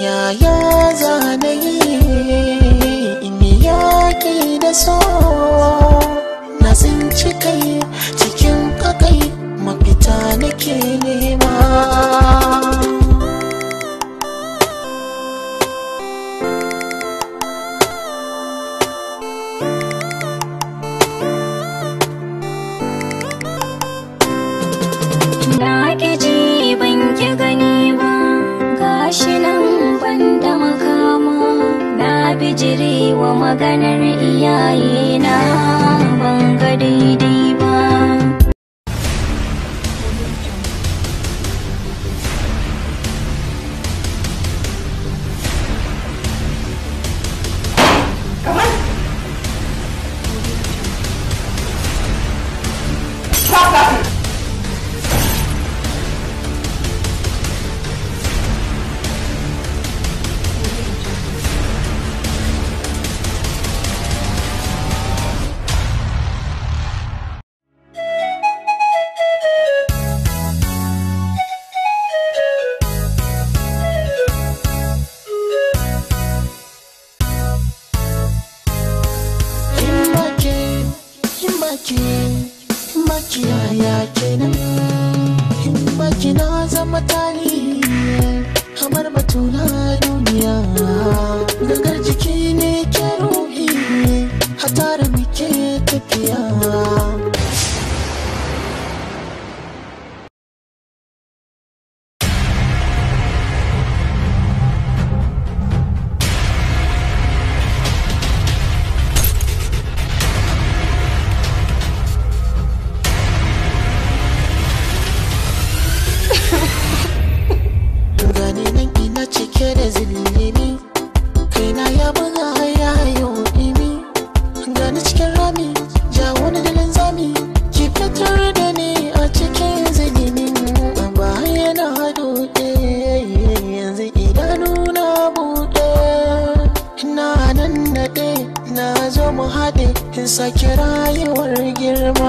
yaya yi in yaki da so na zinci kai maganar iyaye na ban ga daidai ba maki maki ya kenan maki na zama tali kamar batuna duniya mu haɗe in sake rayuwar girma